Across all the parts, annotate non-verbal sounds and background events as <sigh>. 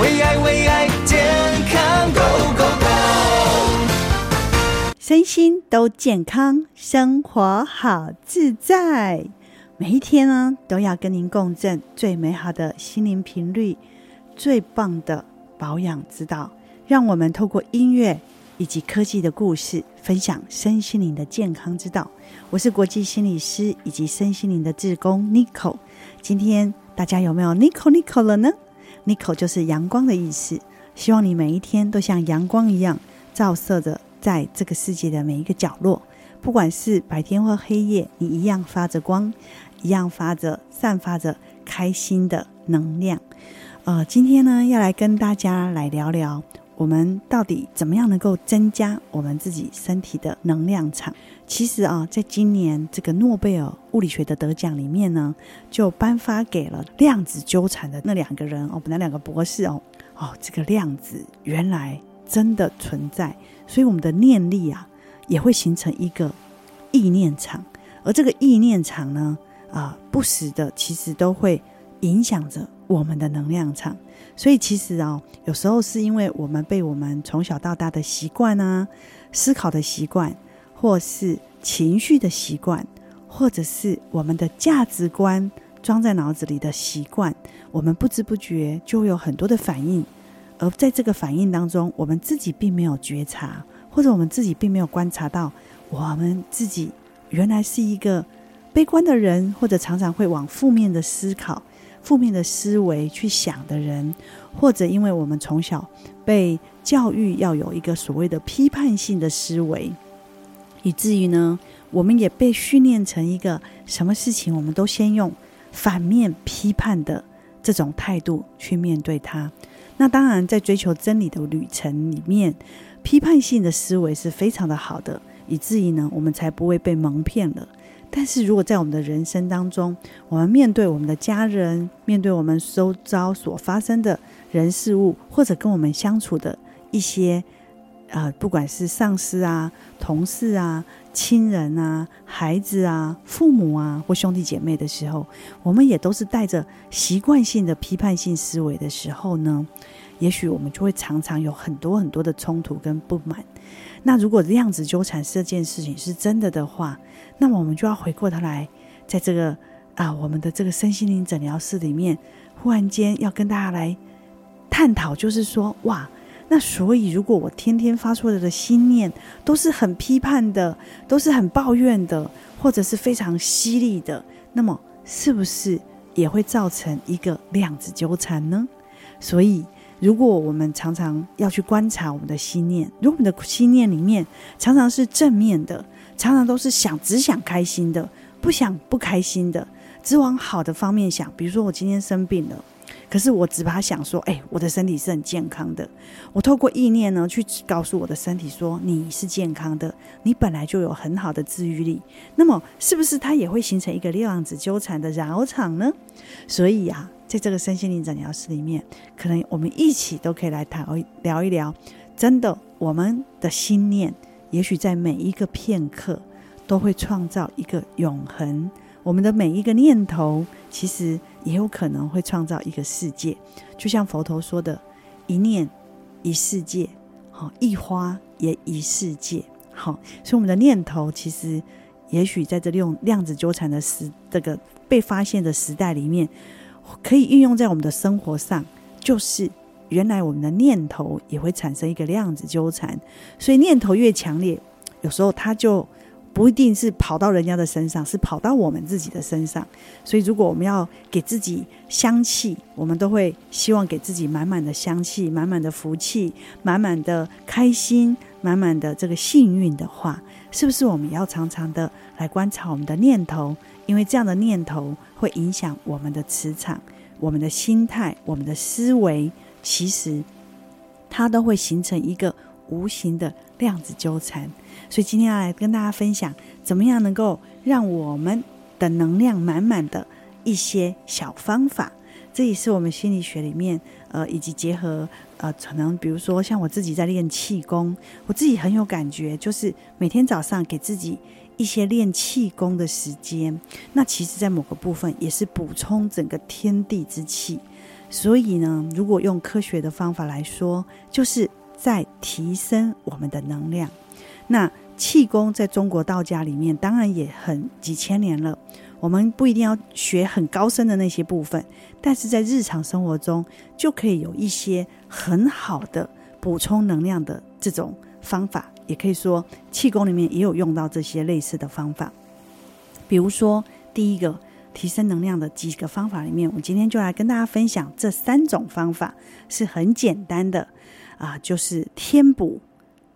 為愛為愛，健康 Go, Go, Go。身心都健康，生活好自在。每一天呢、啊，都要跟您共振最美好的心靈頻率，最棒的保養之道。讓我們透過音樂以及科技的故事，分享身心靈的健康之道。我是國際心理師以及身心靈的志工 Nico 今天大家有沒有 Nico Nico 了呢？Nico 就是陽光的意思，希望你每一天都像陽光一樣照射着在這個世界的每一個角落，不管是白天或黑夜，你一樣發着光，一樣發着、散發着開心的能量。呃，今天呢，要來跟大家來聊聊，我們到底怎麼樣能夠增加我們自己身體的能量場。其實啊，在今年這個諾貝爾物理學的得獎裡面呢，就頒發給了量子糾纏的那兩個人哦，那兩個博士哦哦，這個量子原來真的存在，所以我們的念力啊也會形成一個意念場，而這個意念場呢，啊、呃、不時的其實都會影響着我們的能量場，所以其實啊，有時候是因為我們被我們從小到大的習慣啊，思考的習慣，或是情緒的習慣，或者是我們的價值觀裝在腦子裡的習慣，我們不知不覺就有很多的反應，而在這個反應當中，我們自己並沒有覺察，或者我們自己並沒有觀察到，我們自己原來是一個悲觀的人，或者常常會往負面的思考、負面的思維去想的人，或者因為我們從小被教育要有一個所謂的批判性的思維。以至於呢，我們也被訓練成一個什麼事情，我們都先用反面批判的這種態度去面對它。那當然，在追求真理的旅程裡面，批判性的思維是非常的好的，以至於呢，我們才不會被蒙騙了。但是如果在我們的人生當中，我們面對我們的家人，面對我們周遭所發生的人事物，或者跟我們相處的一些，啊、呃，不管是上司啊、同事啊、親人啊、孩子啊、父母啊，或兄弟姐妹的時候，我們也都是帶着習慣性的批判性思維的時候呢，也許我們就會常常有很多很多的衝突跟不滿。那如果量子糾纏這件事情是真的的話，那麼我們就要回過頭來，在這個啊、呃，我們的這個身心靈診療室裡面，忽然間要跟大家來探討，就是說，哇。那所以，如果我天天發出來的心念都是很批判的，都是很抱怨的，或者是非常犀利的，那麼是不是也會造成一個量子糾纏呢？所以，如果我們常常要去觀察我們的心念，如果我們的心念裡面常常是正面的，常常都是想只想開心的，不想不開心的，只往好的方面想，比如說我今天生病了。可是我只怕想說，哎、欸，我的身體是很健康的。我透過意念呢，去告訴我的身體說，你是健康的，你本來就有很好的治癒力。那麼，是不是它也會形成一個量子糾纏的擾場呢？所以呀、啊，在這個身心靈診療室裡面，可能我們一起都可以來談聊一聊。真的，我們的心念，也許在每一個片刻，都會創造一個永恆。我們的每一個念頭，其實也有可能會創造一個世界，就像佛陀說的：“一念一世界，好一花也一世界，好。”所以，我們的念頭其實也許在這用量子糾纏的時，這個被發現的時代裡面，可以運用在我們的生活上。就是原來我們的念頭也會產生一個量子糾纏，所以念頭越強烈，有時候它就。不一定是跑到人家的身上，是跑到我們自己的身上。所以，如果我們要給自己香氣，我們都會希望給自己滿滿的香氣、滿滿的福氣、滿滿的開心、滿滿的這個幸運的話，是不是我們也要常常的來觀察我們的念頭？因為這樣的念頭會影響我們的磁場、我們的心態、我們的思維，其實它都會形成一個無形的量子糾纏。所以今天要來跟大家分享，怎麼樣能夠讓我們的能量滿滿的一些小方法。這也是我們心理學裡面，呃，以及結合，呃，可能比如說像我自己在練氣功，我自己很有感覺，就是每天早上給自己一些練氣功的時間。那其實在某個部分也是補充整個天地之氣。所以呢，如果用科學的方法來說，就是在提升我們的能量。那氣功在中國道家裡面當然也很幾千年了。我們不一定要學很高深的那些部分，但是在日常生活中就可以有一些很好的補充能量的這種方法。也可以說，氣功裡面也有用到這些類似的方法。比如說，第一個提升能量的幾個方法裡面，我今天就來跟大家分享這三種方法是很簡單的啊，就是天補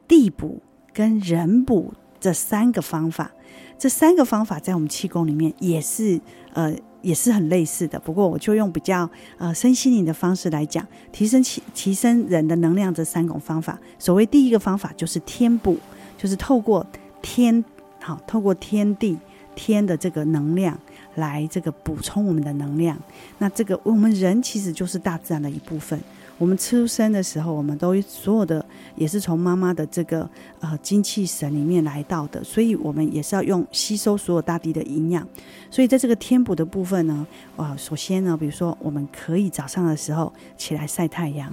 地補。跟人補這三個方法，這三個方法在我們氣功裡面也是呃也是很類似的。不過我就用比較呃身心靈的方式來講，提升氣、提升人的能量這三種方法。所謂第一個方法就是天補，就是透過天，好，透過天地天的這個能量來這個補充我們的能量。那這個我們人其實就是大自然的一部分。我們出生的時候，我們都所有的也是從媽媽的這個呃精氣神裡面來到的，所以我們也是要用吸收所有大地的營養，所以在這個添補的部分呢，啊、呃，首先呢，比如說我們可以早上的時候起來曬太陽，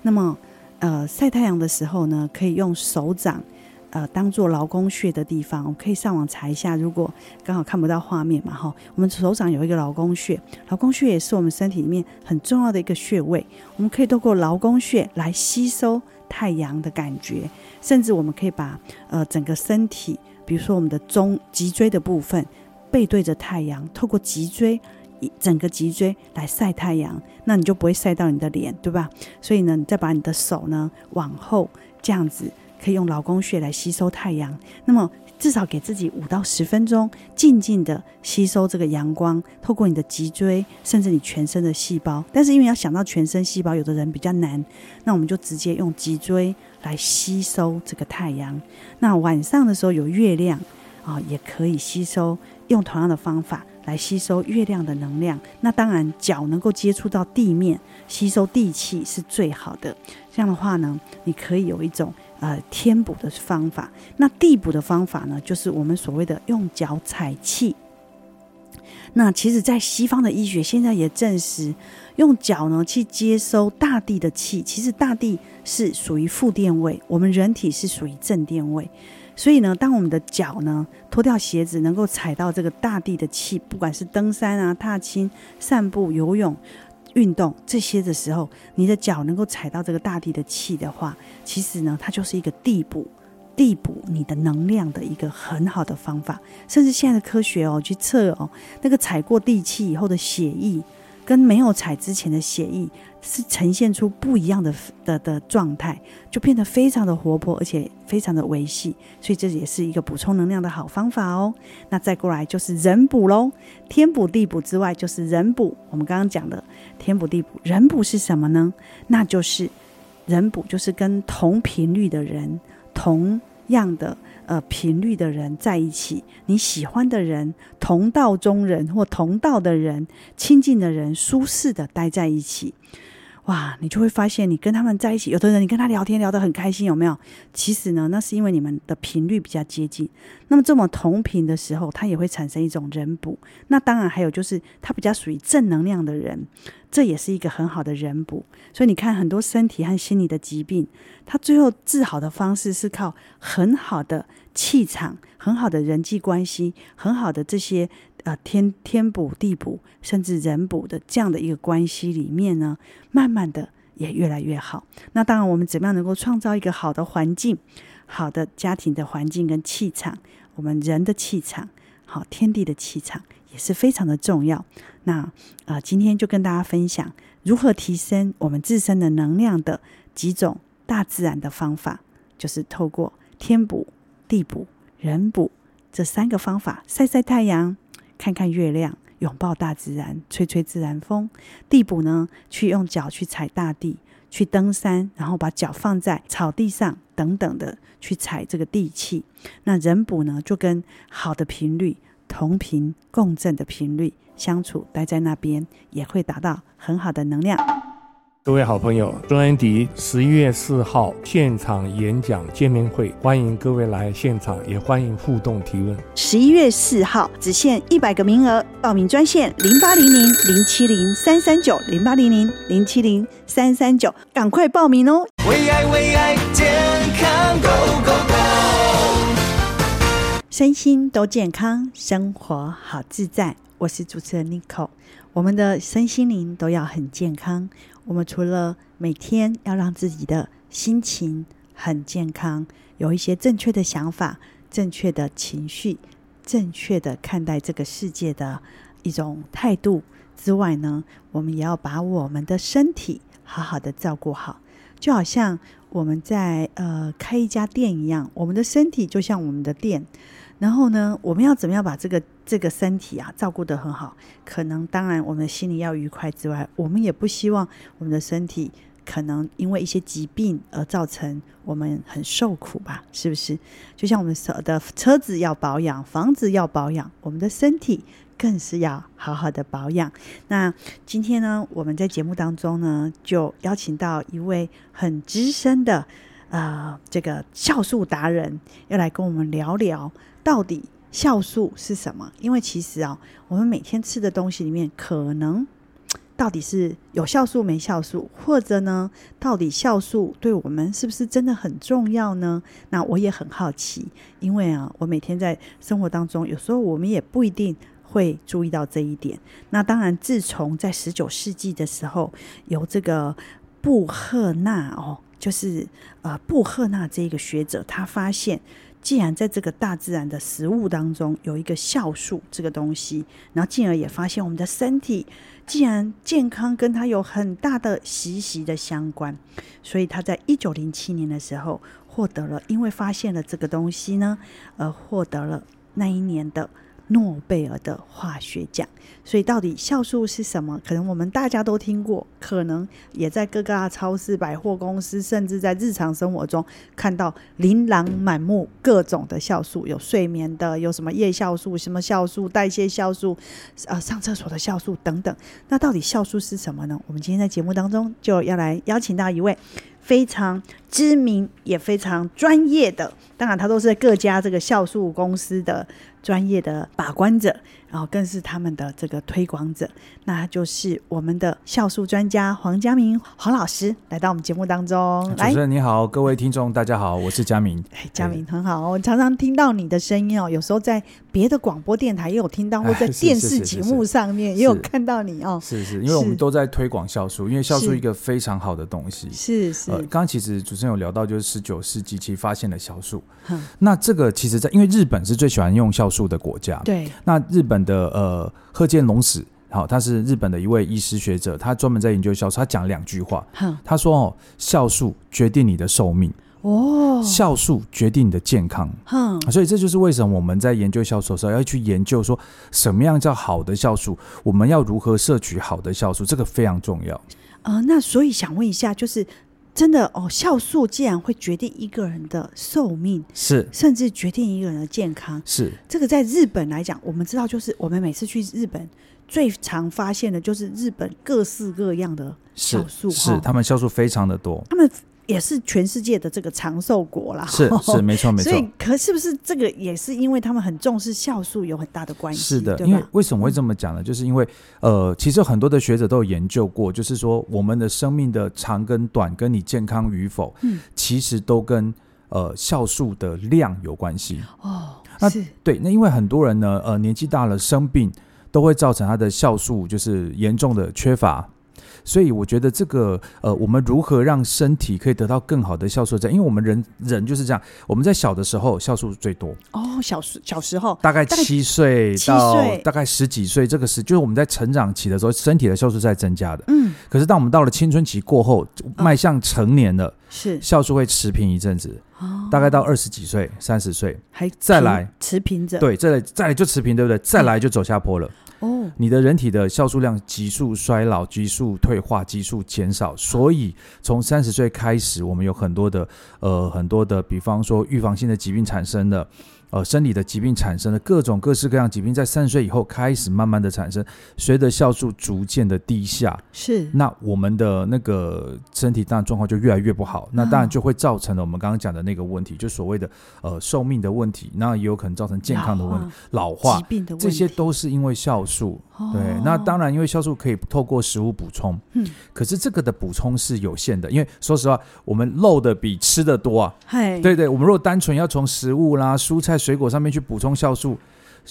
那麼呃曬太陽的時候呢，可以用手掌。呃，當做勞宮穴的地方，我可以上網查一下。如果剛好看不到畫面嘛，哈，我們手掌有一個勞宮穴，勞宮穴也是我們身體裡面很重要的一個穴位。我們可以透過勞宮穴來吸收太陽的感覺，甚至我們可以把呃整個身體，比如說我們的中脊椎的部分背對着太陽，透過脊椎一整個脊椎來曬太陽，那你就不會曬到你的臉，對吧？所以呢，你再把你的手呢往後這樣子。可以用勞宮穴來吸收太陽，那麼至少給自己五到十分鐘，靜靜地吸收這個陽光，透過你的脊椎，甚至你全身的細胞。但是因為要想到全身細胞，有的人比較難，那我們就直接用脊椎來吸收這個太陽。那晚上的時候有月亮啊、哦，也可以吸收，用同樣的方法來吸收月亮的能量。那當然，腳能夠接觸到地面，吸收地氣是最好的。這樣的話呢，你可以有一種。呃，天補的方法，那地補的方法呢，就是我們所謂的用腳踩氣。那其實，在西方的醫學現在也證實，用腳呢去接收大地的氣，其實大地是屬於負電位，我們人體是屬於正電位，所以呢，當我們的腳呢脫掉鞋子，能夠踩到這個大地的氣，不管是登山啊、踏青、散步、游泳。運動這些的時候，你的腳能夠踩到這個大地的氣的話，其實呢，它就是一個地補、地補你的能量的一個很好的方法。甚至現在的科學哦，去測哦，那個踩過地氣以後的血液。跟沒有踩之前的血液是呈現出不一樣的的的狀態，就變得非常的活潑，而且非常的維繫，所以這也是一個補充能量的好方法哦。那再過來就是人補嘍，天補地補之外就是人補。我們剛剛講的天補地補，人補是什麼呢？那就是人補就是跟同頻率的人同樣的。呃，頻率的人在一起，你喜歡的人、同道中人或同道的人、親近的人、舒適的待在一起，哇，你就會發現，你跟他們在一起，有的人你跟他聊天聊得很開心，有沒有？其實呢，那是因為你們的頻率比較接近。那麼，這麼同頻的時候，他也會產生一種人補。那當然還有就是，他比較屬於正能量的人，這也是一個很好的人補。所以，你看很多身體和心理的疾病，他最後治好的方式是靠很好的。氣場很好的人際關係，很好的這些呃，天天補地補，甚至人補的這樣的一個關係裡面呢，慢慢的也越來越好。那當然，我們怎麼樣能夠創造一個好的環境，好的家庭的環境跟氣場，我們人的氣場好，天地的氣場也是非常的重要。那啊、呃，今天就跟大家分享如何提升我們自身的能量的幾種大自然的方法，就是透過天補。地補、人補這三個方法：曬曬太陽、看看月亮、擁抱大自然、吹吹自然風。地補呢，去用腳去踩大地，去登山，然後把腳放在草地上等等的去踩這個地氣。那人補呢，就跟好的頻率同頻共振的頻率相處，待在那邊也會達到很好的能量。各位好朋友，周恩迪十一月四號現場演講見面會，歡迎各位來現場，也歡迎互動提問。十一月四號，只限一百個名額，報名專線零八零零零七零三三九零八零零零七零三三九，趕快報名哦！為愛為愛健康，Go Go Go，Go 身心都健康，生活好自在。我是主持人 Nico，我們的身心靈都要很健康。我們除了每天要讓自己的心情很健康，有一些正確的想法，正確的情緒，正確的看待這個世界的一種態度之外呢，我們也要把我們的身體好好的照顧好。就好像我們在呃開一家店一樣，我們的身體就像我們的店，然後呢，我們要怎麼樣把這個這個身體啊照顧得很好？可能當然我們心裡要愉快之外，我們也不希望我們的身體可能因為一些疾病而造成我們很受苦吧？是不是？就像我們的車子要保養，房子要保養，我們的身體。更是要好好的保養。那今天呢，我們在節目當中呢，就邀請到一位很資深的，啊、呃，這個酵素達人，要來跟我們聊聊到底酵素是什麼。因為其實啊、哦，我們每天吃的東西裡面，可能到底是有酵素沒酵素，或者呢，到底酵素對我們是不是真的很重要呢？那我也很好奇，因為啊，我每天在生活當中，有時候我們也不一定，會注意到這一點。那當然，自從在十九世紀的時候，有這個布赫納哦，就是呃布赫納這一個學者，他發現竟然在這個大自然的食物當中有一個酵素這個東西，然後進而也發現我們的身體竟然健康跟它有很大的息息的相關，所以他在一九零七年的時候獲得了，因為發現了這個東西呢，而獲得了那一年的。諾貝爾的化學獎，所以到底酵素是什麼？可能我們大家都聽過，可能也在各大超市、百貨公司，甚至在日常生活中看到琳琅滿目各種的酵素，有睡眠的，有什麼夜酵素，什麼酵素、代謝酵素，呃，上廁所的酵素等等。那到底酵素是什麼呢？我們今天在節目當中就要來邀請到一位非常知名也非常專業的，當然他都是各家這個酵素公司的。專業的把關者，然後更是他們的這個推廣者，那就是我們的酵素專家黃佳明黃老師來到我們節目當中。主持人你好，各位聽眾大家好，我是嘉明。哎、佳明、哎、很好，我常常聽到你的聲音哦，有時候在。別的廣播電臺也有聽到，或在電視節目上面也有看到你是、是、是、是、是、哦是。是是，因為我們都在推廣酵素，因為酵素一個非常好的東西。是，是是、呃，剛剛其實主持人有聊到，就是十九世紀其發現的酵素。哼那這個其實在因為日本是最喜歡用酵素的國家。對哼。那日本的呃鶴見隆史，好、哦，他是日本的一位醫師學者，他專門在研究酵素。他講了兩句話，哼他說哦，酵素決定你的壽命。哦，oh, 酵素決定你的健康，嗯，所以這就是為什麼我們在研究酵素的時候要去研究說什麼樣叫好的酵素，我們要如何攝取好的酵素，這個非常重要。呃，那所以想問一下，就是真的哦，酵素既然會決定一個人的壽命，是甚至決定一個人的健康，是這個在日本來講，我們知道，就是我們每次去日本最常發現的，就是日本各式各樣的酵素，是，是他們酵素非常的多，他們。也是全世界的這個長壽國啦，是是沒錯沒錯。沒錯，所以可是不是這個也是因為他們很重視酵素有很大的關係，是的，吧因為為什麼會這麼講呢？就是因為呃，其實很多的學者都有研究過，就是說我們的生命的長跟短，跟你健康與否，嗯，其實都跟呃酵素的量有關係哦。那是對，那因為很多人呢，呃，年紀大了生病，都會造成他的酵素就是嚴重的缺乏。所以我覺得這個呃，我們如何讓身體可以得到更好的酵素在，因為我們人人就是這樣，我們在小的時候酵素最多哦，小小時候大概七歲到大概十幾歲，歲，十幾歲這個時，就是我們在成長期的時候，身體的酵素在增加的。嗯，可是當我們到了青春期過後，嗯、邁向成年了，是酵素會持平一陣子，哦、大概到二十幾歲、三十歲還再來持平着，對，再來再來就持平，對不對？再來就走下坡了。嗯嗯、你的人體的酵素量急速衰老、急速退化、急速減少，所以從三十歲開始，我們有很多的呃很多的，比方說預防性的疾病產生的。呃，生理的疾病產生的各種各式各樣疾病，在三十歲以後開始慢慢的產生，隨着酵素逐漸的低下，是那我們的那個身體當然狀況就越來越不好，啊、那當然就會造成了我們剛剛講的那個問題，就所謂的呃壽命的問題，那也有可能造成健康的問題，啊、老化，疾病的問題這些都是因為酵素。哦、對，那當然因為酵素可以透過食物補充，嗯，可是這個的補充是有限的，因為說實話，我們漏的比吃的多啊，嘿對對，我們如果單純要從食物啦蔬菜。水果上面去補充酵素。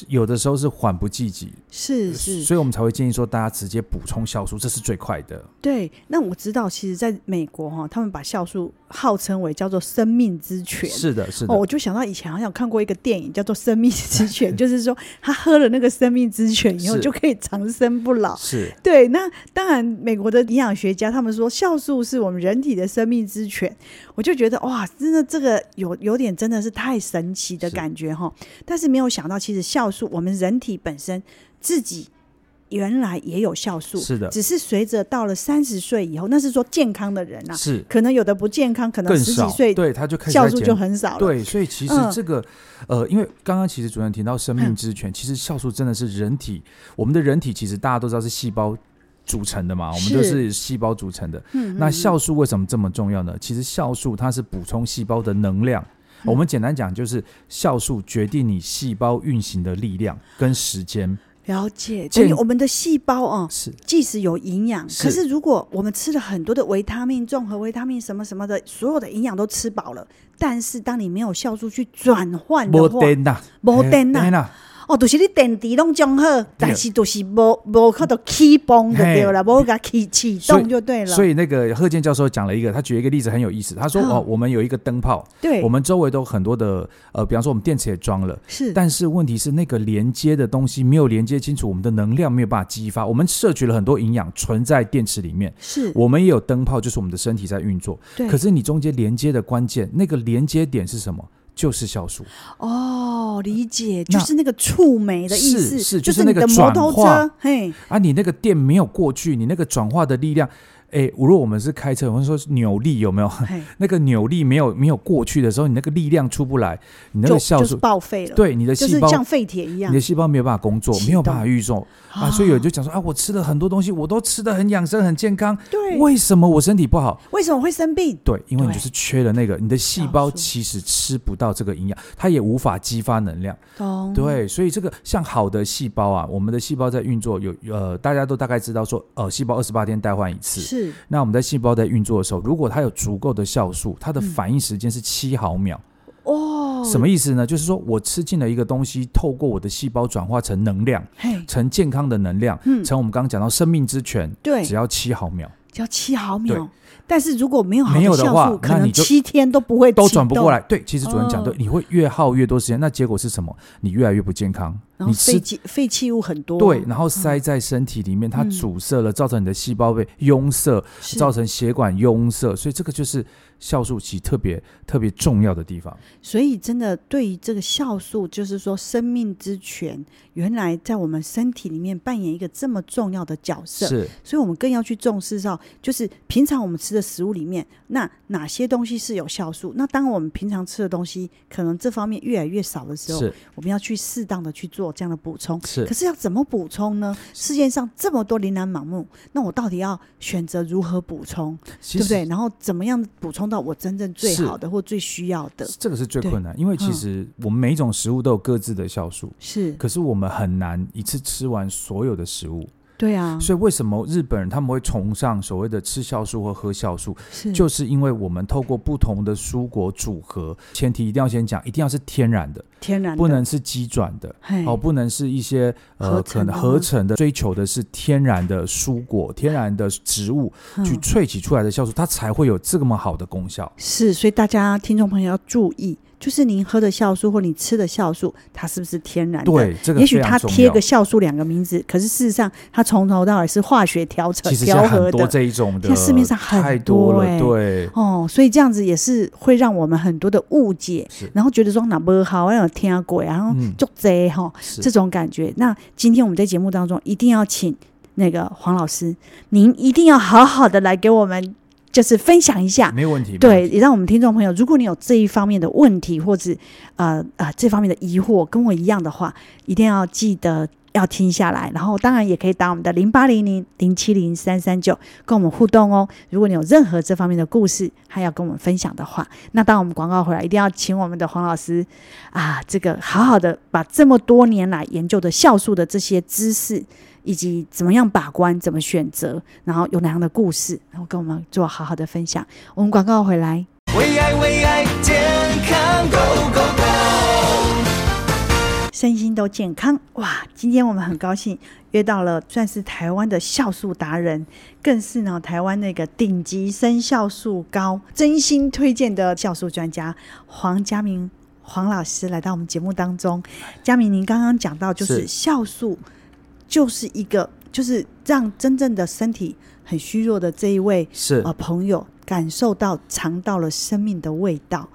有的時候是緩不濟急，是、是，所以我們才會建議說大家直接補充酵素，這是最快的。對，那我知道，其實在美國哈、哦，他們把酵素號稱為叫做生命之泉，是的，是的。哦，我就想到以前好像看過一個電影，叫做《生命之泉》， <laughs> 就是說他喝了那個生命之泉以後就可以長生不老。是對，那當然，美國的營養學家他們說酵素是我們人體的生命之泉，我就覺得哇，真的這個有有點真的是太神奇的感覺哈。是但是沒有想到，其實酵酵素，我們人體本身自己原來也有酵素，是的。只是隨着到了三十歲以後，那是說健康的人啊，是可能有的不健康，可能十幾歲對，他就開始酵素就很少了。對，所以其實這個呃，呃，因為剛剛其實主任提到生命之泉，嗯、其實酵素真的是人體，我們的人體其實大家都知道是細胞組成的嘛，是我們都是細胞組成的。嗯，嗯，嗯，那酵素為什麼這麼重要呢？其實酵素它是補充細胞的能量。我們簡單講，就是酵素決定你細胞運行的力量跟時間，嗯。了解，所以我們的細胞啊、哦，是即使有營養，是可是如果我們吃了很多的維他命、綜合維他命什麼什麼的，所有的營養都吃飽了，但是當你沒有酵素去轉換的話，沒電吶，沒電吶。哦，都，就是你電池攏裝好，但是都是無無看到啟泵就對了，無個啟啟動就對了。所以，所以那個賀建教授講了一個，他舉一個例子很有意思。他說哦，哦，我們有一個燈泡，對，我們周圍都很多的呃，比方說我們電池也裝了，是。但是問題是那個連接的東西沒有連接清楚，我們的能量沒有辦法激發。我們攝取了很多營養存在電池裡面，是我們也有燈泡，就是我們的身體在運作。對可是你中間連接的關鍵，那個連接點是什麼？就是酵素，哦，理解，就是那個觸媒的意思，那是，是就是那個轉化你的摩托車，嘿啊，你那個電沒有過去，你那個轉化的力量。哎，如果我們是開車，我們說扭力有沒有？那個扭力沒有沒有過去的時候，你那個力量出不來，你那個酵素就是報廢了。對，你的細胞像廢鐵一樣，你的細胞沒有辦法工作，沒有辦法運作啊。所以有人就講說啊，我吃了很多東西，我都吃得很養生很健康，對，為什麼我身體不好？為什麼會生病？對，因為你就是缺了那個，你的細胞其實吃不到這個營養，它也無法激發能量。懂。對，所以這個像好的細胞啊，我們的細胞在運作，有呃，大家都大概知道說，呃，細胞二十八天代換一次。是。是那我們在細胞在運作的時候，如果它有足夠的酵素，它的反應時間是七毫秒。嗯哦、什麼意思呢？就是說我吃進了一個東西，透過我的細胞轉化成能量，嘿成健康的能量，嗯、成我們剛剛講到生命之泉，對，只要七毫秒，只要七毫秒。但是如果沒有好的酵素，沒有的話，可能七天都不會都轉不過來。都對，其實主任講的，哦、你會越耗越多時間。那結果是什麼？你越來越不健康。你廢氣、廢棄物很多，哦，對，然後塞在身體裡面，哦、它阻塞了，造成你的細胞被擁塞，嗯、造成血管擁塞，是 所以這個就是。酵素其實特別特別重要的地方，所以真的對於這個酵素，就是說生命之泉，原來在我們身體裡面扮演一個這麼重要的角色，是，所以我們更要去重視到，就是平常我們吃的食物裡面，那哪些東西是有酵素？那當我們平常吃的東西可能這方面越來越少的時候，是我們要去適當的去做這樣的補充，是，可是要怎麼補充呢？世界上這麼多琳琅滿目，那我到底要選擇如何補充，實對不對？然後怎麼樣補充？那我真正最好的或最需要的，這個是最困難，對因為其實我們每一種食物都有各自的酵素，是、嗯，可是我們很難一次吃完所有的食物。對啊，所以為什麼日本人他們會崇尚所謂的吃酵素或喝酵素，是就是因為我們透過不同的蔬果組合，前提一定要先講，一定要是天然的，天然不能是機轉的，嘿哦，不能是一些呃可能合成的，追求的是天然的蔬果、天然的植物、嗯、去萃取出來的酵素，它才會有這麼好的功效。是，所以大家聽眾朋友要注意。就是您喝的酵素或你吃的酵素，它是不是天然的？對，這個也許它貼個酵素兩個名字，可是事實上它從頭到尾是化學調成、調和的。其實很多這一種的，像市面上很多、欸、太多了，對。哦，所以這樣子也是會讓我們很多的誤解，是然後覺得說那麼好，我要添個然後做這哈，這種感覺。是那今天我們在節目當中一定要請那個黃老師，您一定要好好的來給我們。就是分享一下，沒問題。對，也讓我們聽眾朋友，如果你有這一方面的問題，或者呃呃這方面的疑惑，跟我一樣的話，一定要記得。要聽下來，然後當然也可以打我們的零八零零零七零三三九跟我們互動哦。如果你有任何這方面的故事還要跟我們分享的話，那當我們廣告回來，一定要請我們的黃老師啊，這個好好的把這麼多年來研究的酵素的這些知識，以及怎麼樣把關、怎麼選擇，然後有哪樣的故事，然後跟我們做好好的分享。我們廣告回來，為愛為愛健康 Go Go 身心都健康哇！今天我們很高興約到了，算是台灣的酵素達人，更是呢台灣那個頂級生酵素高真心推薦的酵素專家黃家明黃老師來到我們節目當中。家明，您剛剛講到，就是，是酵素就是一個，就是讓真正的身體很虛弱的這一位是啊、呃、朋友感受到嘗到了生命的味道，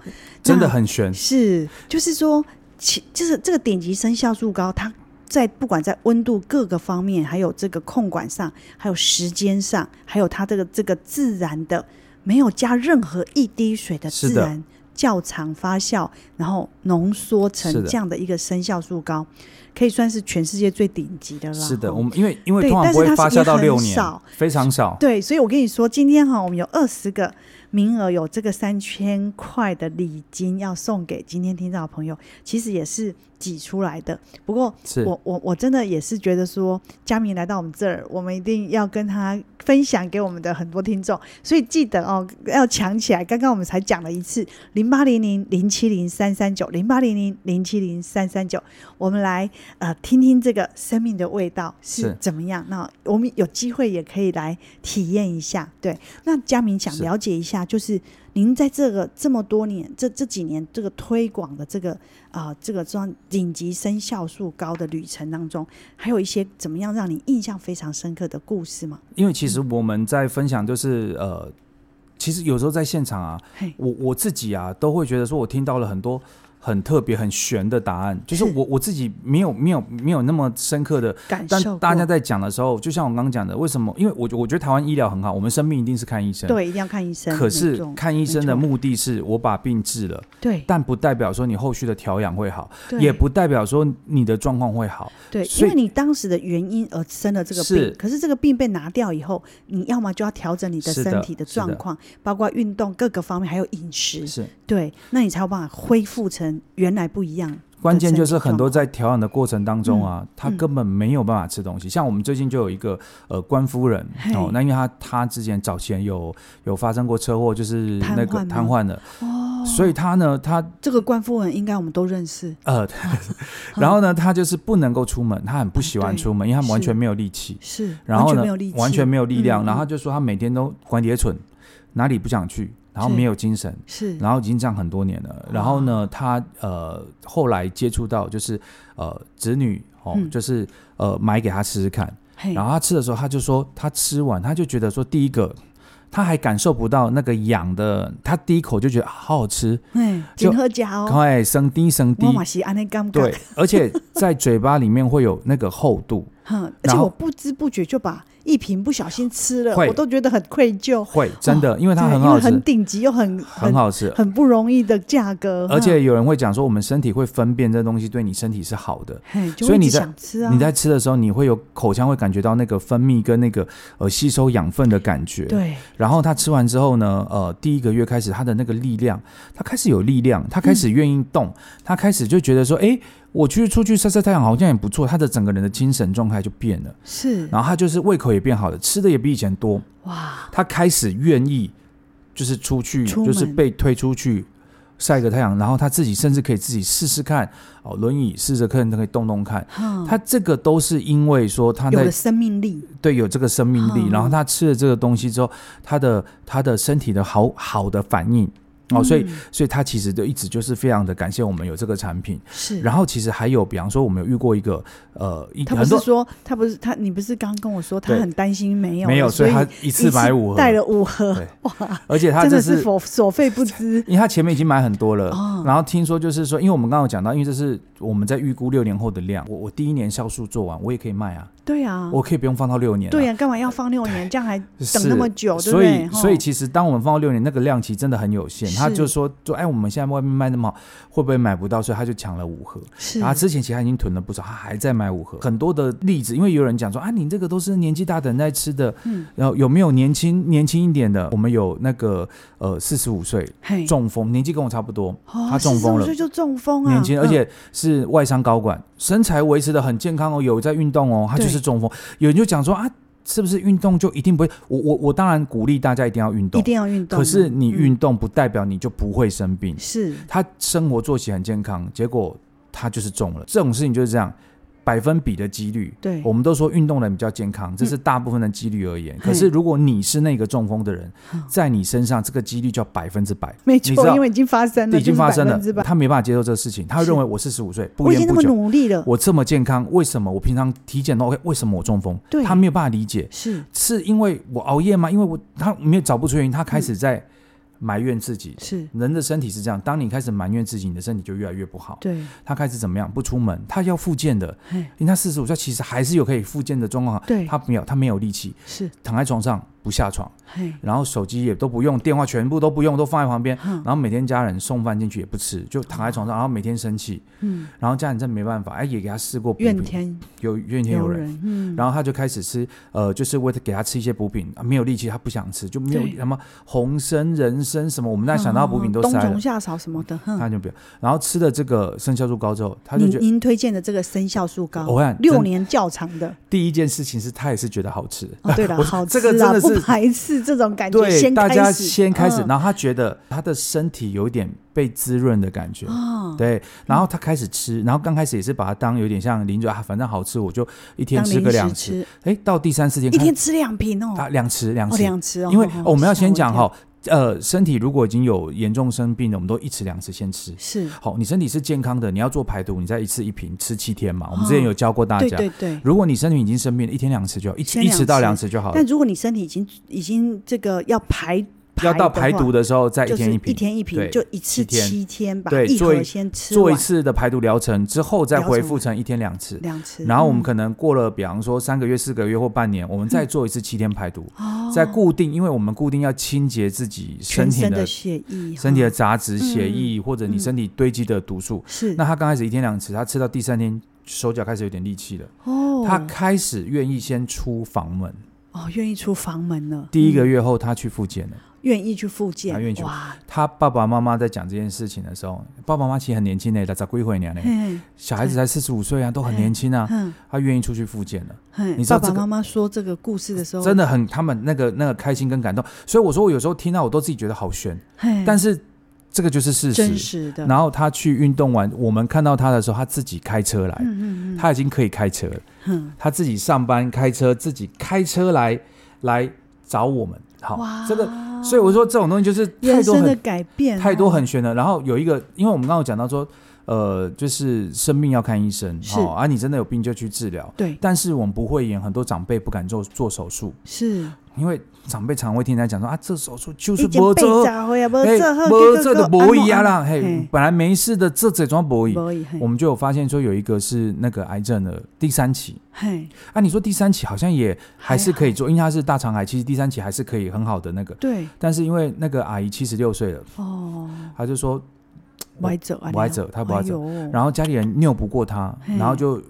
真的很玄，是就是說。其就是這個頂級生酵素膏，它在不管在溫度各個方面，還有這個控管上，還有時間上，還有它這個這個自然的沒有加任何一滴水的自然較長發酵，是的，然後濃縮成這樣的一個生酵素膏，是的，可以算是全世界最頂級的了。是的，我們因為因為通常不會發酵到六年，是是非常少。對，所以我跟你說，今天哈、哦，我們有二十個。名額有這個三千塊的禮金要送給今天聽到的朋友，其實也是擠出來的。不過我是我我真的也是覺得說，佳明來到我們這兒，我們一定要跟他分享給我們的很多聽眾。所以記得哦，要搶起來！剛剛我們才講了一次零八零零零七零三三九零八零零零七零三三九，9, 9, 我們來呃聽聽這個生命的味道是怎麼樣。是那我們有機會也可以來體驗一下。對，那佳明想了解一下。就是您在這個這麼多年，這這幾年這個推廣的這個啊、呃、這個專頂級生酵素高，的旅程當中，還有一些怎麼樣讓你印象非常深刻的故事嗎？因為其實我們在分享，就是呃，其實有時候在現場啊，嘿我我自己啊，都會覺得說我聽到了很多。很特別、很玄的答案，就是我我自己沒有、沒有、沒有那麼深刻的感受。但大家在講的時候，就像我剛剛講的，為什麼？因為我我覺得台灣醫療很好，我們生病一定是看醫生，對，一定要看醫生。可是看醫生的目的是我把病治了，對，但不代表說你後續的調養會好，也不代表說你的狀況會好，對，因為你當時的原因而生了這個病，可是這個病被拿掉以後，你要麼就要調整你的身體的狀況，包括運動各個方面，還有飲食，是，對，那你才有辦法恢復成。原來不一樣，關鍵就是很多在調養的過程當中啊，他根本沒有辦法吃東西。像我們最近就有一個呃官夫人哦，那因為他他之前早前有有發生過車禍，就是那個癱瘓了哦，所以他呢他這個官夫人應該我們都認識呃，然後呢他就是不能夠出門，他很不喜歡出門，因為他們完全沒有力氣是，然後呢完全沒有力量，然後他就說他每天都關跌蠢，哪裡不想去。然後沒有精神，是，然後已經這樣很多年了。哇然後呢，他呃後來接觸到就是呃子女哦，嗯、就是呃買給他吃吃看。嘿然後他吃的時候，他就說他吃完他就覺得說第一個他還感受不到那個癢的，他第一口就覺得好好吃，嗯嘿，喝合家哦。高矮聲低聲低，對， <laughs> 而且在嘴巴裡面會有那個厚度。哼、嗯，而且我不知不覺就把一瓶不小心吃了，會我都覺得很愧疚。會真的，哦、因為它很好吃，很頂級又很很好吃很，很不容易的價格。而且有人會講說，我們身體會分辨這東西對你身體是好的，所以你在，想吃、啊、你在吃的時候，你會有口腔會感覺到那個分泌跟那個呃吸收養分的感覺。對，然後他吃完之後呢，呃，第一個月開始，他的那個力量，他開始有力量，他開始願意動，嗯、他開始就覺得說，哎。我去出去曬曬太陽，好像也不錯。他的整個人的精神狀態就變了，是。然後他就是胃口也變好了，吃的也比以前多。哇！他開始願意，就是出去，出門，就是被推出去曬個太陽。然後他自己甚至可以自己試試看哦，輪椅試試看，他可以動動看。嗯，他這個都是因為說他的生命力，對，有這個生命力。嗯，然後他吃了這個東西之後，他的他的身體的好好的反應。哦，所以，嗯、所以他其實就一直就是非常的感謝我們有這個產品。是，然後其實還有，比方說我們有遇過一個，呃，他不是說多他不是，他，不是他，你不是剛跟我說他很擔心沒有沒有，所以他一次買五盒，帶了五盒，對哇，而且他真的是 for, 所費不貲。 <laughs> 因為他前面已經買很多了。哦、然後聽說就是說，因為我們剛剛有講到，因為這是。我們在預估六年後的量，我我第一年銷售做完，我也可以賣啊。對啊，我可以不用放到六年。對呀，幹嘛要放六年？這樣還等那麼久，對不對？所以，所以其實當我們放到六年，那個量其實真的很有限。他就說，說哎，我們現在外面賣那麼好，會不會買不到？所以他就搶了五盒。是啊，之前其實還已經囤了不少，他還在買五盒。很多的例子，因為有人講說啊，你這個都是年紀大的人在吃的，然後有沒有年輕年輕一點的？我們有那個呃四十五歲中風，年紀跟我差不多，他中風了，四十五歲就中風啊，年輕而且是是外商高管，身材維持得很健康哦，有在運動哦，他就是中風。對有人就講說啊，是不是運動就一定不會？我我我當然鼓勵大家一定要運動，一定要運動。可是你運動不代表你就不會生病。是、嗯，他生活作息很健康，結果他就是中了。這種事情就是這樣。百分比的幾率，對我們都說運動的人比較健康，這是大部分的幾率而言。可是如果你是那個中風的人，在你身上這個幾率叫百分之百，沒錯，因為已經發生了，已經發生了，他沒辦法接受這個事情，他認為我是四十五歲，不已經這麼努力了，我這麼健康，為什麼我平常體檢都 OK，為什麼我中風？他沒有辦法理解，是是因為我熬夜嗎？因為我他沒有找不出原因，他開始在。埋怨自己。是人的身體是這樣，當你開始埋怨自己，你的身體就越來越不好。對，他開始怎麼樣？不出門，他要復健的。嘿，因為他四十五歲，其實還是有可以復健的狀況。對，他沒有，他沒有力氣，是躺在床上，不下床，然後手機也都不用，電話全部都不用，都放在旁邊。然後每天家人送飯進去也不吃，就躺在床上，然後每天生氣。嗯，然後家人真沒辦法，哎，也給他試過補品，怨天有怨天尤人。嗯，然後他就開始吃，呃，就是為了給他吃一些補品，沒有力氣他不想吃，就沒有什麼紅參、人參什麼。我們那想到補品都是了，冬蟲夏草什麼的，他就不要。然後吃了這個生酵素膏之後，他就覺得您推薦的這個生酵素膏，我看六年較長的。第一件事情是他也是覺得好吃，對的，好吃，這個真的是。還是這種感覺，對，先大家先開始，嗯、然後他覺得他的身體有一點被滋潤的感覺，嗯、對，然後他開始吃，然後剛開始也是把它當有點像零嘴，啊，反正好吃，我就一天吃個兩次，誒、欸，到第三四天一天吃兩瓶哦，啊，兩次兩次兩次，哦、池因為、哦我，哦、我們要先講哈。呃，身體如果已經有嚴重生病了，我們都一次兩次，先吃。是，好、哦，你身體是健康的，你要做排毒，你再一次一瓶吃七天嘛。哦、我們之前有教過大家，對對對。如果你身體已經生病了，一天兩次就好，一，一次到兩次就好。但如果你身體已經已經這個要排毒。要到排毒的時候，再一天一瓶，一天一瓶，就一次七天。對，做一做一次的排毒療程之後，再恢復成一天兩次。然後我們可能過了，比方說三個月、四個月或半年，我們再做一次七天排毒。哦。再固定，因為我們固定要清潔自己身體的血液、身體的雜質、血液或者你身體堆積的毒素。是。那他剛開始一天兩次，他吃到第三天，手腳開始有點力氣了。哦。他開始願意先出房門。哦，願意出房門了。第一個月後，他去復健了。願、嗯、意去復健，他願意去。哇他爸爸媽媽在講這件事情的時候，爸爸媽媽其實很年輕呢，才才過一回年嘞。嘿小孩子才四十五歲啊，嘿都很年輕啊。嘿他願意出去復健了。嘿你知道、這個、爸爸媽媽說這個故事的時候，真的很，他們那個那個開心跟感動。所以我說，我有時候聽到，我都自己覺得好懸。嘿但是。這個就是事實。實的然後他去運動完，我們看到他的時候，他自己開車來，嗯嗯他已經可以開車了。嗯、他自己上班開車，自己開車來來找我們。好，這個哇，所以我說這種東西就是太多很的、啊、太多很玄的。然後有一個，因為我們剛剛有講到說，呃，就是生病要看醫生，好是、哦、啊，你真的有病就去治療。對，但是我們不會演很多長輩不敢做做手術。是。因為長輩常會聽他講說啊，這手術就是波折。哎，波折的博弈，啊啦，嘿，本來沒事的，這這裝博弈。我們就有發現說有一個是那個癌症的第三期，嘿，啊，你說第三期好像也還是可以做，因為他是大腸癌，其實第三期還是可以很好的那個。對。但是因為那個阿姨七十六歲了，哦，他就說，歪着啊，歪着，他歪着，然後家裡人拗不過他，然後就。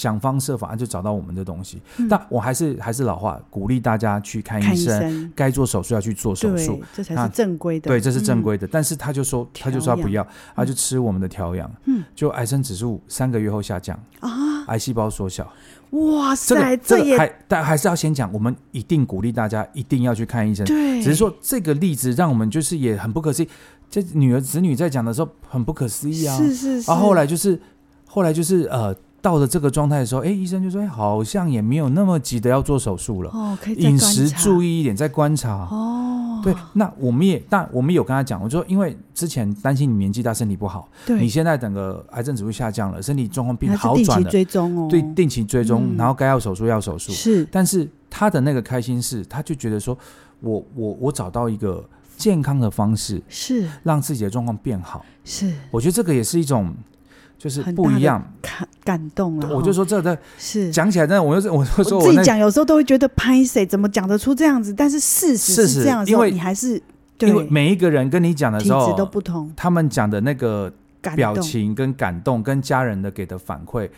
想方設法啊，就找到我們的東西，但我還是還是老話，鼓勵大家去看醫生，該做手術要去做手術，這才是正規的。對，這是正規的。但是他就說，他就說他不要，他就吃我們的調養。嗯，就癌症指數三個月後下降啊，癌細胞縮小。哇塞，這這也但還是要先講，我們一定鼓勵大家一定要去看醫生。對，只是說這個例子讓我們就是也很不可思議。這女兒、子女在講的時候很不可思議啊，是是是。啊，後來就是後來就是呃。到了這個狀態的時候，哎、欸，醫生就說，哎、欸，好像也沒有那麼急的要做手術了，飲、哦、食注意一點，再觀察。哦，對，那我們也，但我們有跟他講，我就說，因為之前擔心你年紀大，身體不好，對你現在整個癌症指數下降了，身體狀況變好轉了，對，定期追蹤、哦，對，定期追蹤，然後該要手術要手術、嗯，是。但是他的那個開心是，他就覺得說我，我我我找到一個健康的方式，是讓自己的狀況變好，是。我覺得這個也是一種。就是很不一樣，感感動啊。我就說這的，是講起來真的，那我我我自己講，有時候都會覺得拍誰怎麼講得出這樣子？但是事實是這樣是是，因為你還是對每一個人跟你講的時候都不同，他們講的那個表情跟感動，感動跟家人的給的反饋。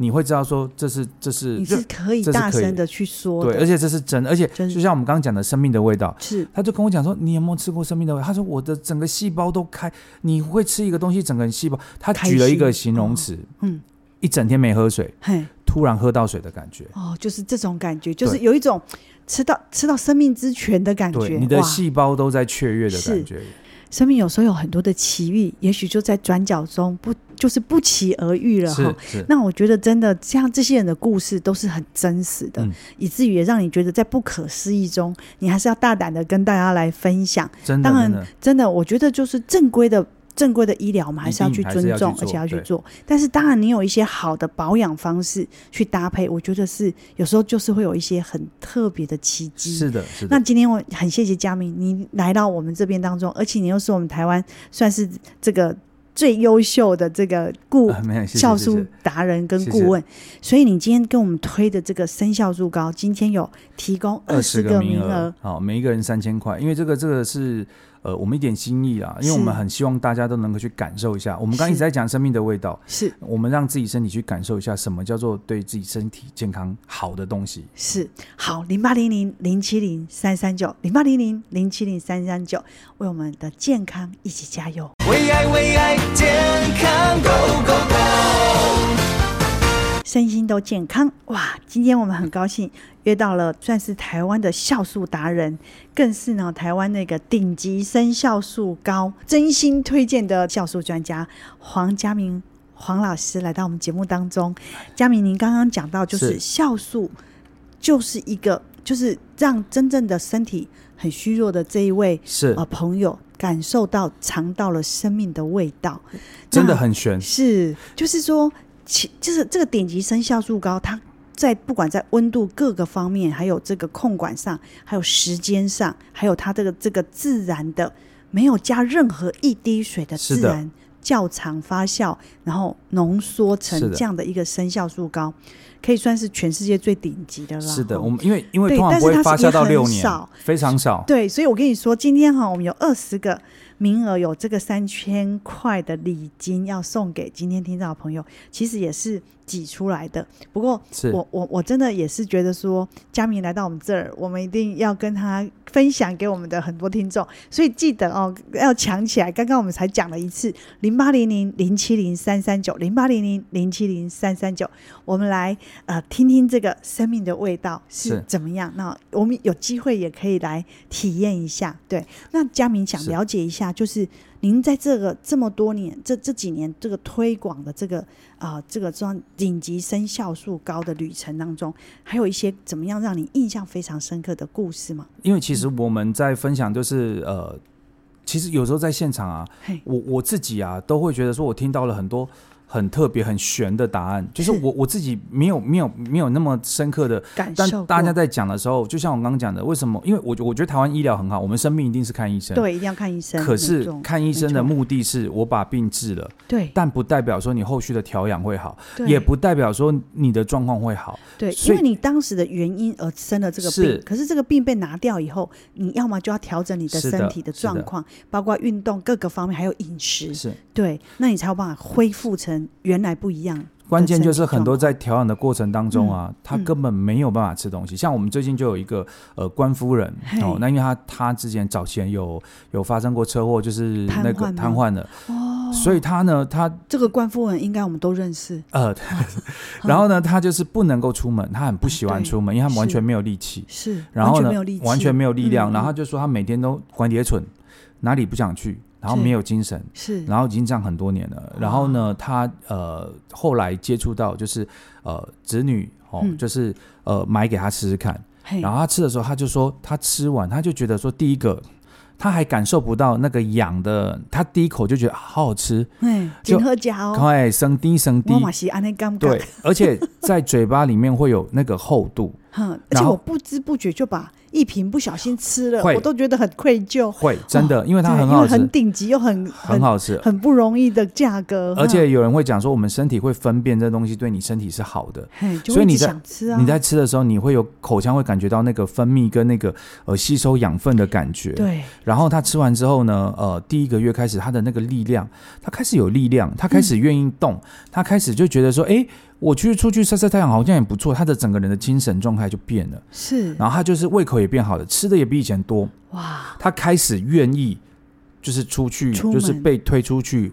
你會知道說這是這是你是可以大聲的去說的，對，而且這是真，而且就像我們剛剛講的生命的味道，是，他就跟我講說，你有沒有吃過生命的味道？他說我的整個細胞都開，你會吃一個東西，整個細胞，他舉了一個形容詞，嗯，嗯一整天沒喝水，嘿突然喝到水的感覺，哦，就是這種感覺，就是有一種吃到對吃到生命之泉的感覺，你的細胞都在雀躍的感覺。生命有時候有很多的奇遇，也許就在轉角中不。就是不期而遇了哈，那我覺得真的像這些人的故事都是很真實的，嗯、以至於也讓你覺得在不可思議中，你還是要大膽的跟大家來分享。當然，真的，我覺得就是正規的、正規的醫療，我們還是要去尊重，而且要去做。對，但是，當然，你有一些好的保養方式去搭配，我覺得是有時候就是會有一些很特別的奇蹟。是的。是的。那今天我很謝謝佳明，你來到我們這邊當中，而且你又是我們台灣算是這個。最優秀的這個顧酵素達人跟顧問，啊、謝謝謝謝，所以你今天跟我們推的這個生酵素膏，嗯、今天有提供二十個、個名額，好，每一個人三千塊，因為這個這個是。呃，我們一點心意啦、啊，因為我們很希望大家都能夠去感受一下，是，我們剛一直在講生命的味道，是我們讓自己身體去感受一下，什麼叫做對自己身體健康好的東西。是好零八零零零七零三三九零八零零零七零三三九，9, 9, 為我們的健康一起加油，為愛為愛健康 Go Go, Go.。身心都健康哇！今天我們很高興約到了，算是台灣的酵素達人，更是呢台灣那個頂級生酵素膏真心推薦的酵素專家黃家明黃老師來到我們節目當中。家明，您剛剛講到，就是，是酵素就是一個，就是讓真正的身體很虛弱的這一位是啊、呃、朋友感受到嘗到了生命的味道，真的很玄是，就是說。其就是這個頂級生酵素膏，它在不管在溫度各個方面，還有這個控管上，還有時間上，還有它這個這個自然的沒有加任何一滴水的自然較長發酵，的然後濃縮成這樣的一個生酵素膏，的可以算是全世界最頂級的了。是的，我們因為因為通常不會發酵到六年，是是非常少。對，所以我跟你說，今天哈，我們有二十個。名額，有這個三千塊的禮金要送給今天聽到的朋友，其實也是，擠出來的。不過我，是我我我真的也是覺得說，佳明來到我們這兒，我們一定要跟他分享給我們的很多聽眾。所以記得哦，要搶起來。剛剛我們才講了一次零八零零零七零三三九零八零零零七零三三九，9, 9，我們來呃聽聽這個生命的味道是怎麼樣。是那我們有機會也可以來體驗一下。對，那佳明想了解一下，就是。是您在這個這麼多年，這這幾年這個推廣的這個啊、呃、這個裝頂級生效數高的旅程當中，還有一些怎麼樣讓你印象非常深刻的故事嗎？因為其實我們在分享，就是呃，其實有時候在現場啊，嗯、我我自己啊都會覺得說，我聽到了很多。很特別、很玄的答案，就是我我自己沒有、沒有、沒有那麼深刻的感受。但大家在講的時候，就像我剛剛講的，為什麼？因為我我覺得台灣醫療很好，我們生病一定是看醫生，對，一定要看醫生。可是看醫生的目的是我把病治了，對，但不代表說你後續的調養會好，也不代表說你的狀況會好，對，因為你當時的原因而生了這個病，是，可是這個病被拿掉以後，你要麼就要調整你的身體的狀況，包括運動各個方面，還有飲食，是，對，那你才有辦法恢復成。原來不一樣，關鍵就是很多在調養的過程當中啊，他根本沒有辦法吃東西。像我們最近就有一個呃官夫人哦，那因為他她之前早前有有發生過車禍，就是那個癱瘓的哦，所以他呢他這個官夫人應該我們都認識呃，然後呢他就是不能夠出門，他很不喜歡出門，因為他們完全沒有力氣，是，然後呢完全沒有力量，然後他就說他每天都狂跌蠢，哪裡不想去。然後沒有精神，是，然後已經這樣很多年了。然後呢，他呃後來接觸到就是呃子女哦，就是呃買給他吃吃看。然後他吃的時候，他就說他吃完，他就覺得說第一個他還感受不到那個癢的，他第一口就覺得好好吃，就喝佳哦。酸甜酸甜對，而且在嘴巴裡面會有那個厚度，哼，而且我不知不覺就把。一瓶不小心吃了，會我都覺得很愧疚。會真的，哦、因為它很好很頂級又很很好吃，很不容易的價格。而且有人會講說，我們身體會分辨這東西對你身體是好的，所以你在想吃、啊、你在吃的時候，你會有口腔會感覺到那個分泌跟那個呃吸收養分的感覺。對。然後他吃完之後呢，呃，第一個月開始，他的那個力量，他開始有力量，他開始願意動，嗯、他開始就覺得說，哎。我去出去晒晒太陽，好像也不錯。他的整個人的精神狀態就變了，是，然後他就是胃口也變好了，吃的也比以前多。哇，他開始願意就是出去，出門就是被推出去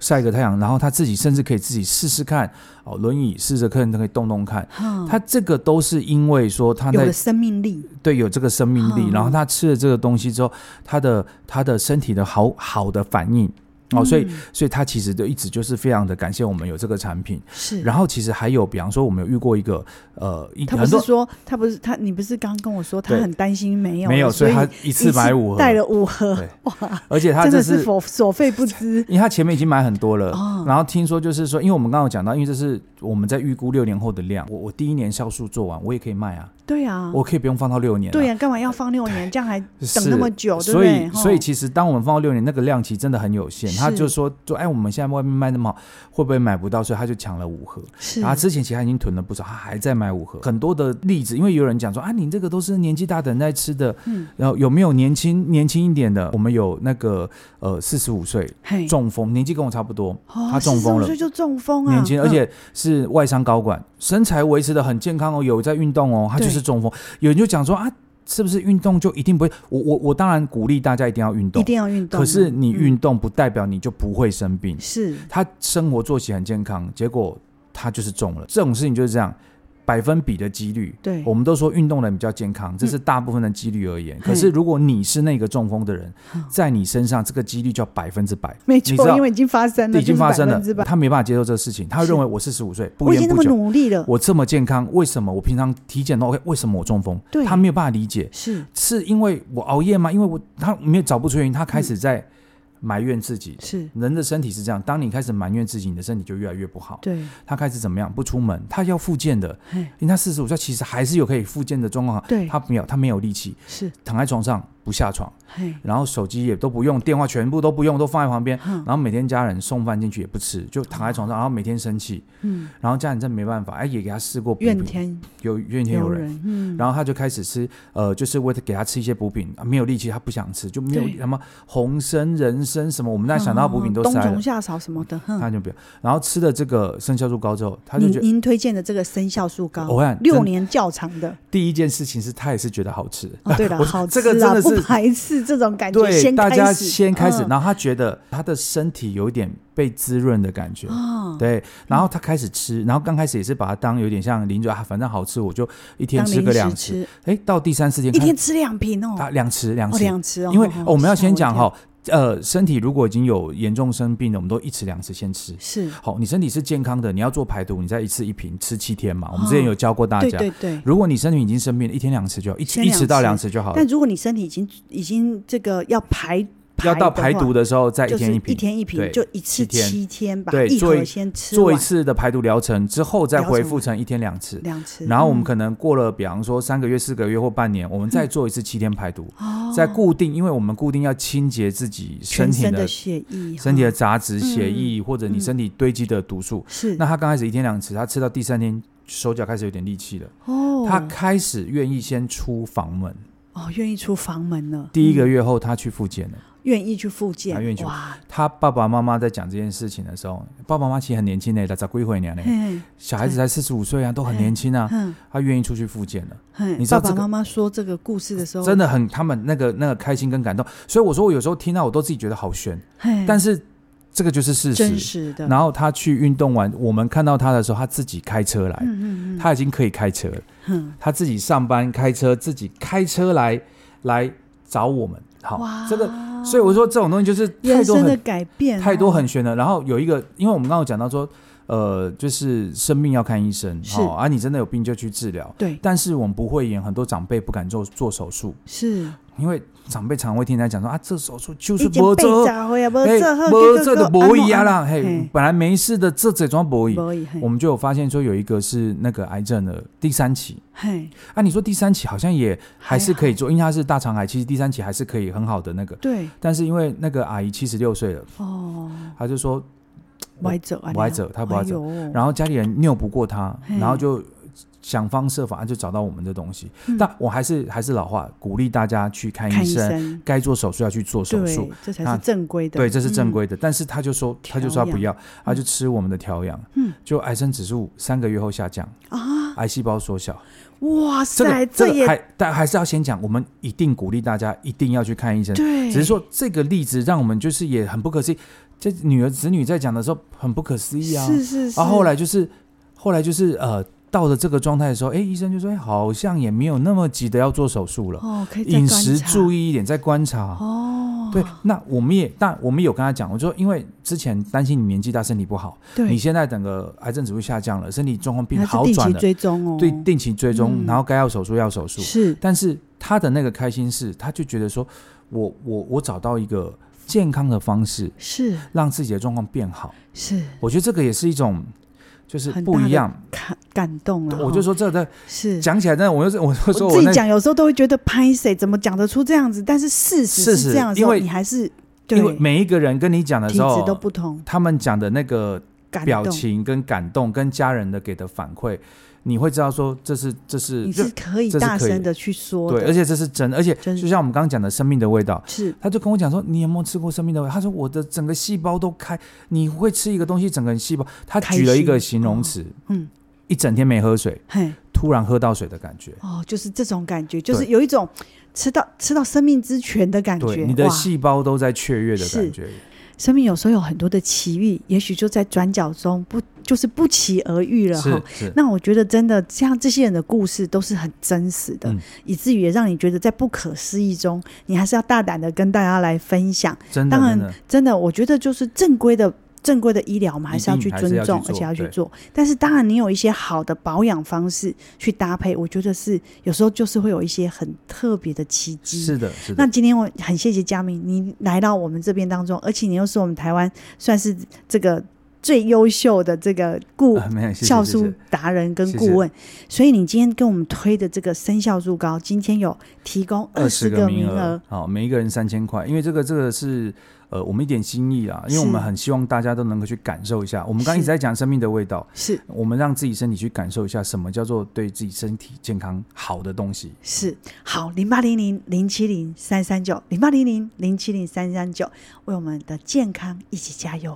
曬個太陽，然後他自己甚至可以自己試試看哦，輪椅試着看，他可以動動看。嗯、他這個都是因為說他的生命力，對，有這個生命力。嗯、然後他吃了這個東西之後，他的他的身體的好好的反應。哦，所以所以他其實就一直就是非常的感謝我們有這個產品。是，然後其實還有，比方說我們有遇過一個，呃，一個是說他不是他，你不是剛剛跟我說他很擔心沒有沒有，對所以，所以他一次買五盒，帶了五盒對哇，而且他真的是否所費不貲。因為他前面已經買很多了。哦。然後聽說就是說，因為我們剛剛有講到，因為這是我們在預估六年後的量，我我第一年酵素做完，我也可以賣啊。對啊，我可以不用放到六年。對呀，幹嘛要放六年？這樣還等那麼久，對不對？所以，所以其實當我們放到六年，那個量其實真的很有限。他就說，就哎，我們現在外面賣那麼好，會不會買不到？所以他就搶了五盒。是，然後之前其實他已經囤了不少，他還在買五盒。很多的例子，因為有人講說啊，你這個都是年紀大的人在吃的，嗯，然後有沒有年輕年輕一點的？我們有那個呃四十五歲中風，年紀跟我差不多，他中風了，四十五歲就中風啊，年輕而且是外商高管，身材維持得很健康哦，有在運動哦，他就。是中風，有人就講說啊，是不是運動就一定不會？我我我當然鼓勵大家一定要運動，一定要運動。可是你運動不代表你就不會生病，嗯，是他生活作息很健康，結果他就是中了。這種事情就是這樣。百分比的幾率，對，我們都說運動的人比較健康，這是大部分的幾率而言。可是，如果你是那個中風的人，在你身上這個幾率叫百分之百，沒錯，因為已經發生了，已經發生了，他沒辦法接受這個事情，他認為我四十五歲，不菸不酒，我已經這麼努力了，我這麼健康，為什麼我平常體檢都 OK，為什麼我中風？他沒有辦法理解，是是因為我熬夜嗎？因為我他沒有找不出原因，他開始在。埋怨自己，是人的身體是這樣，當你開始埋怨自己，你的身體就越來越不好。對，他開始怎麼樣？不出門，他要復健的。嘿，因為他四十五歲其實還是有可以復健的狀況。對，他沒有，他沒有力氣，是躺在床上不下床。然後手機也都不用，電話全部都不用，都放在旁邊。然後每天家人送飯進去也不吃，就躺在床上，然後每天生氣。嗯。然後家人真沒辦法，哎，也給他試過補品，怨天有怨天尤人。嗯。然後他就開始吃，呃，就是為了給他吃一些補品，沒有力氣他不想吃，就沒有什麼紅參、人參什麼，我們在想到補品都是了。冬蟲夏草什麼的，他就不要。然後吃了這個生酵素膏之後，他就覺得，您推薦的這個生酵素膏，我看六年較長的。第一件事情是他也是覺得好吃。對的。好吃，這個真的是不排斥。這種感覺，對，先大家先開始，哦、然後他覺得他的身體有一點被滋潤的感覺，哦、對，然後他開始吃，然後剛開始也是把它當有點像零嘴、啊，反正好吃，我就一天吃個兩次，哎、欸，到第三四天，一天吃兩瓶哦，兩次兩次，啊哦、兩次因為我們要先講哈。呃，身體如果已經有嚴重生病了，我們都一次兩次先吃。是，好，你身體是健康的，你要做排毒，你再一次一瓶吃七天嘛。哦、我們之前有教過大家，對對對。如果你身體已經生病了，一天兩次就要一一次到兩次就好。就好，但如果你身體已經已經這個要排毒。要到排毒的時候再一天一瓶，一天一瓶就一次七天，對，做一做一次的排毒療程之後再回復成一天兩次。然後我們可能過了，比方說三個月、四個月或半年，我們再做一次七天排毒。哦。再固定，因為我們固定要清潔自己身體的血液、身體的雜質、血液或者你身體堆積的毒素。是。那他剛開始一天兩次，他吃到第三天手腳開始有點力氣了。哦。他開始願意先出房門。哦，願意出房門了。第一個月後，他去復健了。願意去復健，他願意去哇！他爸爸媽媽在講這件事情的時候，爸爸媽媽其實很年輕呢。他找過回年，小孩子才四十五歲啊，都很年輕啊。他願意出去復健了，你知道爸爸媽媽說這個故事的時候，真的很他們那個那個開心跟感動。所以我說，我有時候聽到我都自己覺得好玄，但是這個就是事實。然後他去運動完，我們看到他的時候，他自己開車來，他已經可以開車了。他自己上班開車，自己開車來來找我們。好，這個。所以我說這種東西就是太多很人生的改變，太多很懸的。哦、然後有一個，因為我們剛剛有講到說，呃，就是生病要看醫生，是、哦、啊，你真的有病就去治療。對，但是我們不會演很多長輩不敢做做手術。是。因為長輩常會聽人家講說啊，這手術就是波折、波折的博弈啊啦，嘿，本來沒事的，這這樁博弈。我們就有發現說有一個是那個癌症的第三期，嘿，啊，你說第三期好像也還是可以做，因為他是大腸癌，其實第三期還是可以很好的那個，對，但是因為那個阿姨七十六歲了，哦，他就說歪着啊，歪着，他歪着，然後家裡人拗不過他，然後就想方設法啊，就找到我們的東西，但我還是還是老話，鼓勵大家去看醫生，該做手術要去做手術，這才是正規的。對，這是正規的。但是他就說，他就說他不要，他就吃我們的調養。嗯，就癌症指數三個月後下降啊，癌細胞縮小。哇塞，這個還，但還是要先講，我們一定鼓勵大家一定要去看醫生。對，只是說這個例子讓我們就是也很不可思議。這女兒子女在講的時候很不可思議啊，是是是。啊，後來就是後來就是呃。到了這個狀態的時候，哎、欸，醫生就說，哎，好像也沒有那麼急的要做手術了哦。可以飲食注意一點，再觀察。哦，對，那我們也，但我們也有跟他講，我說，因為之前擔心你年紀大、身體不好，對你現在整個癌症指數下降了，身體狀況變好轉了，哦、對，定期追蹤，嗯、然後該要手術要手術是。但是他的那個開心是，他就覺得說，我我我找到一個健康的方式，是讓自己的狀況變好。是，我覺得這個也是一種。就是不一樣，感感動啊。我就說這的，是講起來，的我就是，我說我自己講，有時候都會覺得拍謝怎麼講得出這樣子？但是事實是這樣子，因為你還是對每一個人跟你講的時候都不同，他們講的那個表情跟感動，感動跟家人的給的反饋。你會知道說，這是這是你是可以大聲的去說的，對，而且這是真的，而且就像我們剛剛講的生命的味道，是，他就跟我講說，你有沒有吃過生命的味道？他說我的整個細胞都開，你會吃一個東西，整個細胞，他舉了一個形容詞，嗯，嗯一整天沒喝水，嘿突然喝到水的感覺，哦，就是這種感覺，就是有一種吃到對吃到生命之泉的感覺，你的細胞都在雀躍的感覺。生命有時候有很多的奇遇，也許就在轉角中不就是不期而遇了吼。那我覺得真的像這些人的故事都是很真實的，嗯、以至於讓你覺得在不可思議中，你還是要大膽的跟大家來分享。的當然，真的，真的我覺得就是正規的。正規的醫療，我們還是要去尊重，嗯、而且要去做。對但是，當然，你有一些好的保養方式去搭配，我覺得是有時候就是會有一些很特別的奇跡。是的，是的。那今天我很謝謝佳明，你來到我們這邊當中，而且你又是我們台灣算是這個最優秀的這個顧、呃、酵素達人跟顧問。謝謝。所以，你今天跟我們推的這個生肖入膏，今天有提供二十個名額，好，每一個人三千塊，因為這個這個是。呃，我們一點心意啦，因為我們很希望大家都能夠去感受一下。是，我們剛剛一直在講生命的味道，是我們讓自己身體去感受一下，什麼叫做對自己身體健康好的東西。是，好，零八零零零七零三三九零八零零零七零三三九，9, 9, 為我們的健康一起加油。